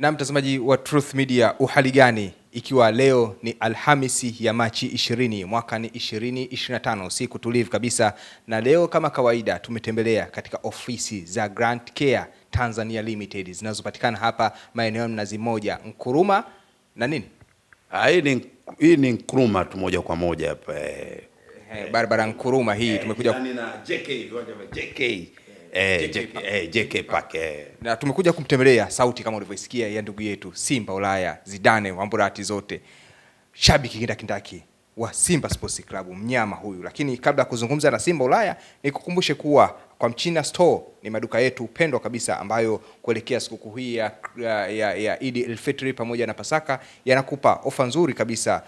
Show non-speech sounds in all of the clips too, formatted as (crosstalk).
Na mtazamaji wa Truth Media, uhali gani? Ikiwa leo ni Alhamisi ya Machi 20 mwaka ni 2025, siku tulivu kabisa, na leo kama kawaida tumetembelea katika ofisi za Grant Care Tanzania Limited zinazopatikana hapa maeneo Mnazi moja Nkuruma na nini, ah, hii ni Nkuruma tu moja kwa moja hapa eh. Eh, barabara Nkuruma hii, eh, tumekuja JK, JK eh, JK, eh, eh. Na tumekuja kumtembelea sauti kama ulivyoisikia ya ndugu yetu Simba Ulaya Zidane wa Mburati zote, shabiki kindakindaki wa Simba Sports Club, mnyama huyu. Lakini kabla ya kuzungumza na Simba Ulaya, nikukumbushe kuwa kwa Mchina Store ni maduka yetu pendwa kabisa ambayo kuelekea sikukuu hii ya, ya, ya, ya Idi Elfitri pamoja na Pasaka yanakupa ofa nzuri kabisa.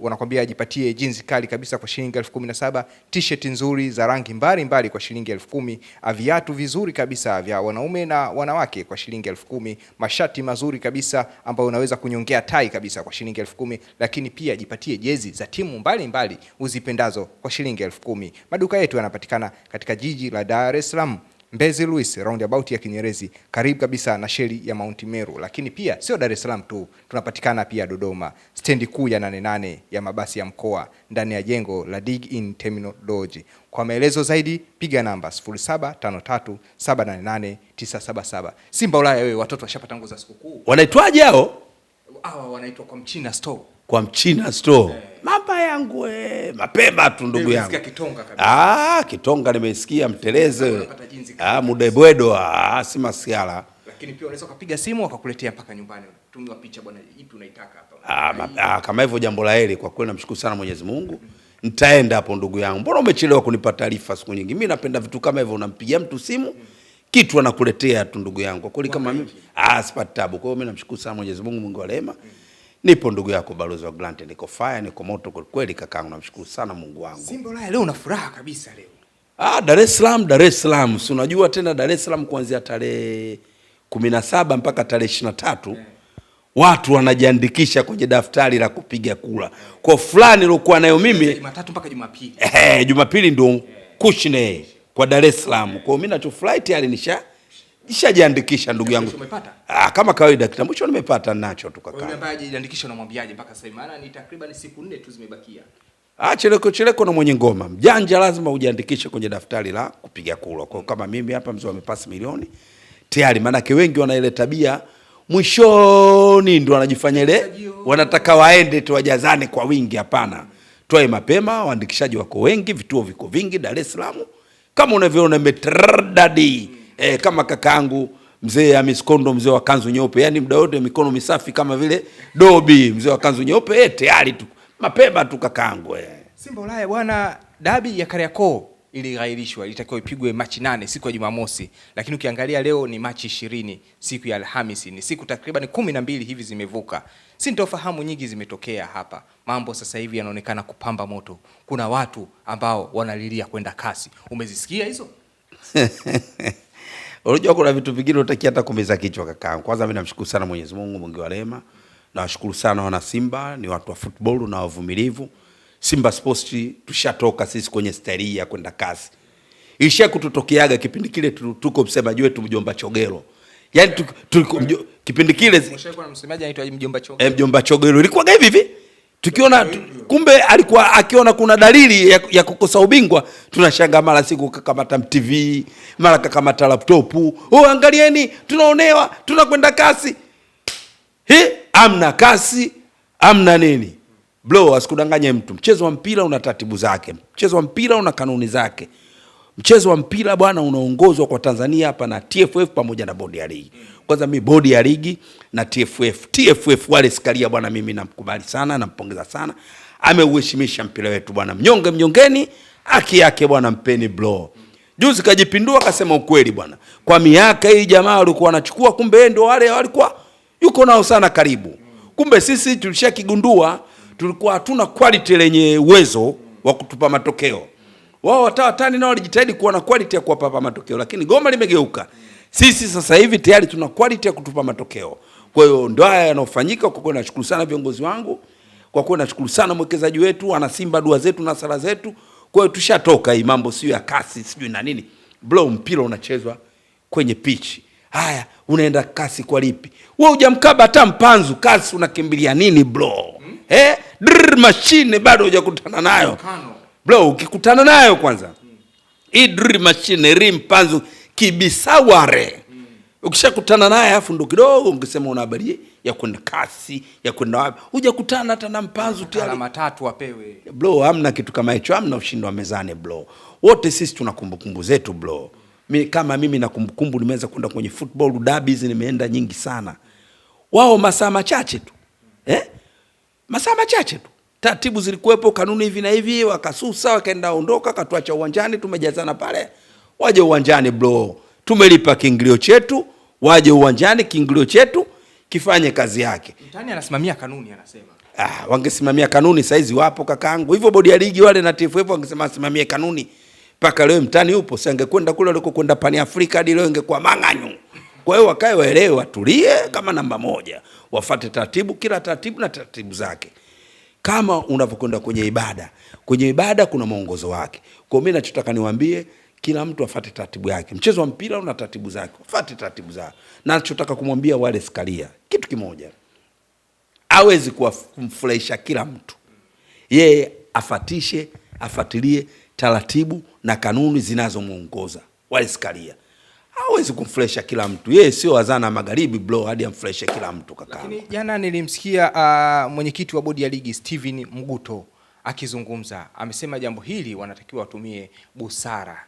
Wanakwambia ajipatie jinzi kali kabisa kwa shilingi elfu kumi na saba, t-shirt nzuri za rangi mbalimbali mbali kwa shilingi elfu kumi, viatu vizuri kabisa vya wanaume na wanawake kwa shilingi elfu kumi, mashati mazuri kabisa ambayo unaweza kunyongea tai kabisa kwa shilingi elfu kumi, lakini pia ajipatie jezi za timu mbalimbali mbali uzipendazo kwa shilingi elfu kumi. Maduka yetu yanapatikana katika jiji la Dar es Salaam. Mbezi Luis roundabout ya Kinyerezi, karibu kabisa na sheli ya Mount Meru. Lakini pia sio Dar es Salaam tu, tunapatikana pia Dodoma, stendi kuu ya nane ya mabasi ya mkoa ndani ya jengo la Dig in Terminal Lodge. Kwa maelezo zaidi piga namba 0753788977. Simba Ulaya wewe, watoto washapata nguo za sikukuu, wanaitwaje hao? Hawa wanaitwa kwa mchina store kwa mchina store hey. Eh. Mamba yangu eh, mapema tu ndugu yangu Kitonga Ah, Kitonga nimesikia Mteleze, ah, Mudebwedo, ah, si masiala lakini pia unaweza kupiga simu wakakuletea mpaka nyumbani. Tumiwa picha bwana, ipi unaitaka hapa? Ah, ah, ah, kama hivyo jambo la heri kwa kweli, namshukuru sana Mwenyezi Mungu. mm-hmm. Nitaenda hapo ndugu yangu, mbona umechelewa kunipa taarifa siku nyingi? Mimi napenda vitu kama hivyo, unampigia mtu simu hmm. kitu anakuletea tu ndugu yangu. Kwa kweli kama mimi ah, sipati tabu. Kwa hiyo mimi namshukuru sana Mwenyezi Mungu, Mungu wa rehema. Hmm. Nipo ndugu yako balozi wa Grant, niko fire, niko moto kwa kweli kakaangu, namshukuru sana Mungu wangu. Simba Ulaya leo una furaha kabisa leo. Ah, Dar es Salaam, Dar es Salaam. Si unajua tena Dar es Salaam kuanzia tarehe 17 mpaka tarehe 23 yeah. Watu wanajiandikisha kwenye daftari la kupiga kura kwa fulani nilokuwa nayo mimi Jumatatu mpaka Jumapili. Eh, Jumapili ndio eh. kushne kwa Dar es Salaam. Kwa hiyo mimi nacho flight tayari nisha Nishajiandikisha ndugu yangu. Ah, kama kawaida kitambulisho nimepata nacho tu kaka. Wewe ambaye unamwambiaje mpaka sasa? Maana ni takriban siku nne tu zimebakia. Ah, cheleko cheleko na mwenye ngoma. Mjanja lazima ujiandikishe kwenye daftari la kupiga kura. Kwa kama mimi hapa mzee amepasi milioni tayari, maana wengi wana ile tabia mwishoni ndio wanajifanya ile wanataka waende tu wajazane kwa wingi. Hapana. Twae mapema, waandikishaji wako wengi, vituo viko vingi Dar es Salaam. Kama unavyoona metradadi eh, kama kakaangu mzee Hamis mzee wa kanzu nyeupe, yani muda wote mikono misafi kama vile Dobi, mzee wa kanzu nyeupe eh, tayari tu mapema tu kakaangu eh. Simba Ulaya bwana, dabi ya Kariakoo ilighairishwa, ilitakiwa ipigwe Machi nane siku ya Jumamosi, lakini ukiangalia leo ni Machi ishirini siku ya Alhamisi, ni siku takriban kumi na mbili hivi zimevuka. Sintofahamu nyingi zimetokea hapa, mambo sasa hivi yanaonekana kupamba moto. Kuna watu ambao wanalilia kwenda kasi, umezisikia hizo? (laughs) Unajua kuna vitu vingine unatakia hata kumeza kichwa kakaangu. Kwanza mimi namshukuru sana Mwenyezi Mungu mwingi wa rehema. Nawashukuru sana wana Simba, ni watu wa football na wavumilivu. Simba Sports tushatoka sisi kwenye staili ya kwenda kasi. Ilishia kututokeaga kipindi kile tuko msemaji wetu mjomba Chogero. Yaani tuko kipindi kile anaitwa mjomba Chogero. Mjomba Chogero ilikuwa hivi hivi tukiona kumbe alikuwa akiona kuna dalili ya, ya kukosa ubingwa, tunashanga mara siku kakamata MTV, mara kakamata laptopu. Oh, angalieni, tunaonewa, tunakwenda kasi he, amna kasi amna nini bro, asikudanganye mtu. Mchezo wa mpira una taratibu zake, mchezo wa mpira una kanuni zake. Mchezo wa mpira bwana unaongozwa kwa Tanzania hapa na TFF pamoja na bodi ya ligi. Kwanza mi bodi ya ligi na TFF, TFF wale sikalia bwana, mimi namkubali sana, nampongeza sana, ameuheshimisha mpira wetu bwana. Mnyonge mnyongeni, haki yake bwana, mpeni blow. Juzi kajipindua akasema ukweli bwana, kwa miaka hii jamaa alikuwa anachukua, kumbe yeye ndio wale walikuwa yuko nao sana karibu. Kumbe sisi tulishakigundua tulikuwa hatuna quality lenye uwezo wa kutupa matokeo. Wao watawa tani nao walijitahidi kuwa na quality ya kuwapa matokeo, lakini goma limegeuka. Sisi sasa hivi tayari tuna quality ya kutupa matokeo. Kwa hiyo ndo haya yanayofanyika. Kwa kweli nashukuru sana viongozi wangu, kwa kweli nashukuru sana mwekezaji wetu, ana Simba dua zetu na sala zetu. Kwa hiyo tushatoka hii mambo sio ya kasi sijui na nini, bro, mpira unachezwa kwenye pitch. Haya, unaenda kasi kwa lipi? Wewe hujamkaba hata mpanzu, kasi unakimbilia nini bro? Hmm? Eh, drrr, mashine bado hujakutana nayo Mkano bro, ukikutana nayo kwanza hii machine ri mpanzu kibisaware ukishakutana naye afu ndo kidogo ungesema una habari ya kwenda kasi ya kwenda wapi, hujakutana hata na mpanzu tu, apewe bro. Hamna kitu kama hicho, hamna ushindi wa mezani bro. Wote sisi tuna kumbukumbu zetu bro. Mi, kama mimi na kumbukumbu nimeweza kwenda kwenye football derbies, nimeenda nyingi sana, wao masaa machache tu eh, masaa machache tu taratibu zilikuwepo, kanuni hivi na hivi, wakasusa, wakaenda ondoka, katuacha uwanjani, tumejazana pale. Waje uwanjani bro, tumelipa kiingilio chetu, waje uwanjani, kiingilio chetu kifanye kazi yake. Mtani anasimamia kanuni, anasema ah, wangesimamia kanuni saizi wapo kakaangu. Hivyo bodi ya ligi wale na TFF wangesema simamie kanuni, mpaka leo mtani upo, si angekwenda kule alikokwenda pani Afrika, hadi leo ingekuwa mang'anyu. Kwa hiyo wakae waelewe, watulie kama namba moja, wafate taratibu, kila taratibu na taratibu zake kama unavyokwenda kwenye ibada. Kwenye ibada kuna mwongozo wake. Kwa mimi nachotaka niwaambie kila mtu afate taratibu yake. Mchezo wa mpira una taratibu zake, afate taratibu zake. Nachotaka kumwambia wale Karia kitu kimoja, awezi kumfurahisha kila mtu, yeye afatishe, afatilie taratibu na kanuni zinazomwongoza wale Karia hawezi kumfresha kila mtu. Yeye sio wazana magharibi bro, hadi amfreshe kila mtu kaka. Lakini jana nilimsikia uh, mwenyekiti wa bodi ya ligi Steven Mguto akizungumza, amesema jambo hili wanatakiwa watumie busara,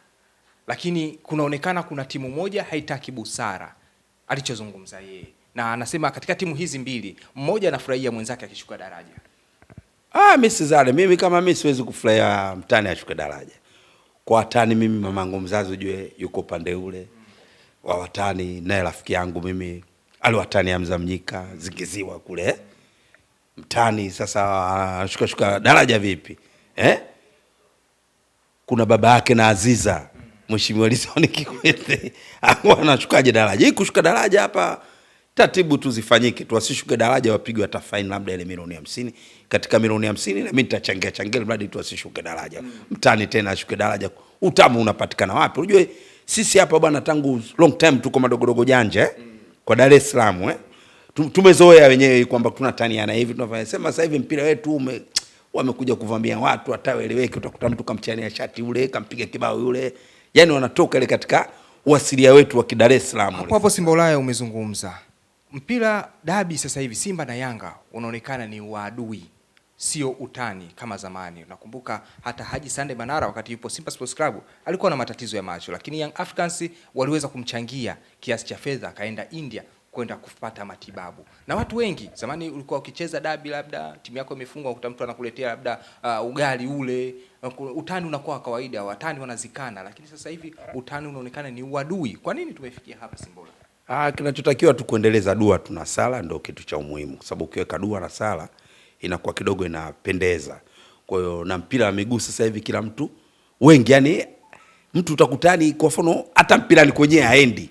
lakini kunaonekana kuna timu moja haitaki busara, alichozungumza yeye, na anasema katika timu hizi mbili mmoja anafurahia mwenzake akishuka daraja. Ah, mimi zale mimi kama mimi siwezi kufurahia mtani ashuke daraja kwa tani. Mimi mamangu mzazi ujue yuko pande ule wa watani, naye rafiki yangu mimi ali watani Hamza Mnyika zingiziwa kule eh? mtani. Sasa anashuka shuka daraja vipi eh? Kuna baba yake na Aziza, Mheshimiwa Lison Kikwete (laughs) anashukaje daraja hii? Kushuka daraja hapa taratibu tu zifanyike tu, wasishuke daraja, wapigwe hata faini labda ile milioni hamsini. Katika milioni hamsini na mimi nitachangia changia, mradi tu wasishuke daraja. Mtani tena ashuke daraja, utamu unapatikana wapi? Unajua sisi hapa bwana, tangu long time tuko madogodogo janja eh? Kwa Dar es Salaam eh? Tumezoea wenyewe kwamba tunataniana hivi tunafanya. Sema sasa hivi mpira wetu ume wamekuja kuvamia watu hataeleweki, utakuta mtu kamchania shati yule, kampiga kibao yule, yani wanatoka ile katika uasilia wetu wa Dar es Salaam. Hapo hapo Simba Ulaya umezungumza mpira dabi, sasa hivi Simba na Yanga unaonekana ni waadui sio utani kama zamani. Nakumbuka hata Haji Sande Manara wakati yupo Simba Sports Club alikuwa na matatizo ya macho, lakini Young Africans waliweza kumchangia kiasi cha fedha akaenda India kwenda kupata matibabu. Na watu wengi zamani, ulikuwa ukicheza dabi, labda timu yako imefungwa, ukuta mtu anakuletea labda uh, ugali ule, utani unakuwa kawaida, watani wanazikana. Lakini sasa hivi utani unaonekana ni uadui. Kwa nini tumefikia hapa, Simbola? Ah, kinachotakiwa tu kuendeleza dua tuna sala, ndio kitu cha umuhimu, kwa sababu ukiweka dua na sala inakuwa kidogo inapendeza. Kwa hiyo na mpira wa miguu sasa hivi kila mtu wengi, yani mtu utakutani, kwa mfano hata mpirani kwenyewe haendi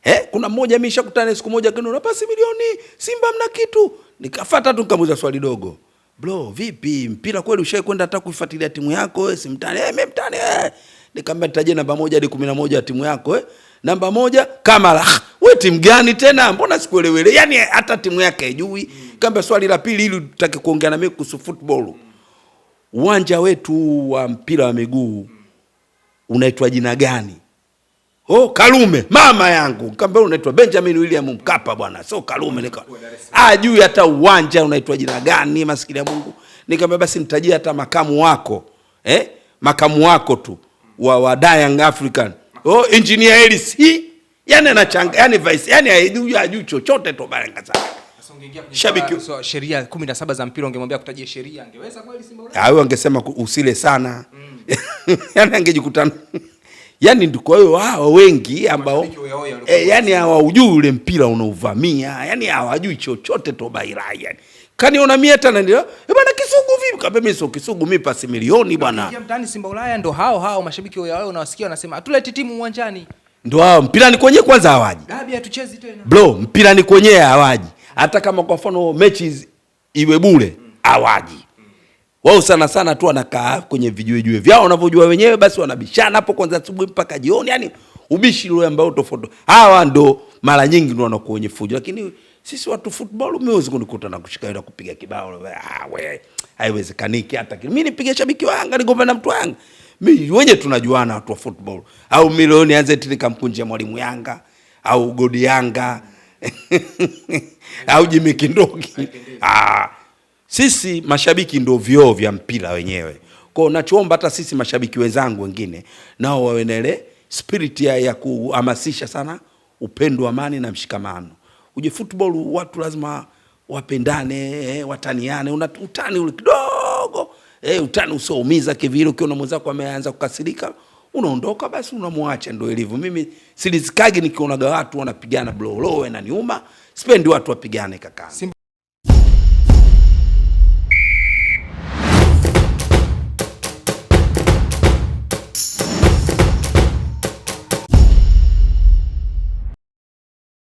He, eh, Kuna mmoja mimi nishakutana siku moja, na pasi milioni Simba mna kitu, nikafuata tu nikamuuliza swali dogo, bro, vipi mpira kweli ushawahi kwenda hata kuifuatilia timu yako wewe? Eh, simtani eh, mimi mtani eh. Nikamwambia nitaje namba moja hadi 11 ya timu yako eh. Namba moja Kamara, ah, wewe timu gani tena? Mbona sikuelewele? Yani hata timu yake haijui mm kamba swali la pili ili tutake kuongea na mimi kuhusu football. Uwanja wetu wa mpira wa miguu unaitwa jina gani? Oh, Kalume mama yangu. Kamba unaitwa Benjamin William Mkapa bwana. So Kalume nika. Ah, juu hata uwanja unaitwa jina gani maskini ya Mungu. Nikamwambia basi nitajia hata makamu wako. Eh? Makamu wako tu wa, wa Dayang African. Oh, engineer Ellis. Yaani anachanga, yani vice, yani ajui ajui chochote to baraka sana shabiki so, sheria 17 za mpira, ungemwambia kutajia sheria angeweza kweli? Simba ule ah, angesema usile sana mm. (laughs) yani angejikutana (laughs) yaani kwa hiyo wengi ambao e, yani hawajui ule mpira unauvamia, yani hawajui chochote toba irai yani kaniona mimi hata na ndio eh, bwana Kisugu vipi? Kabe mimi sio Kisugu, mimi pasi milioni bwana. Mtaani Simba Ulaya ndo hao hao mashabiki wao wao, unawasikia wanasema timu uwanjani, hao mpira ni kwanza hawaji. Dabi hatuchezi tena bro, mpira ni hawaji hata kama kwa mfano mechi iwe bure awaji wao sana sana tu wanakaa kwenye vijuejiwe vyao wanavyojua wenyewe, basi wanabishana hapo kwanza asubuhi mpaka jioni, yani ubishi ule ambao tofauti. Hawa ndo mara nyingi ndo wanakuwa wenye fujo, lakini sisi watu football, umeweza kunikuta na kushika ila kupiga kibao, wewe ah, we, haiwezekaniki. Hata mimi nipige shabiki wa Yanga nigombe na mtu wa Yanga, mimi wenye tunajuana watu wa football, au milioni anze tilika kamkunjia mwalimu Yanga au godi Yanga (laughs) au Jimmy Kindoki. Ah, sisi mashabiki ndio vioo vya mpira wenyewe. Kwa hiyo nachoomba hata sisi mashabiki wenzangu wengine nao wawe na ile spirit ya, ya kuhamasisha sana upendo, amani na mshikamano. Uje football watu lazima wapendane, eh, wataniane, una utani ule kidogo eh, utani usioumiza kivile. Ukiona mwenzako ameanza kukasirika unaondoka basi, unamwacha. Ndio ilivyo. Mimi silizikagi nikionaga watu wanapigana blow low na niuma, sipendi watu wapigane kaka.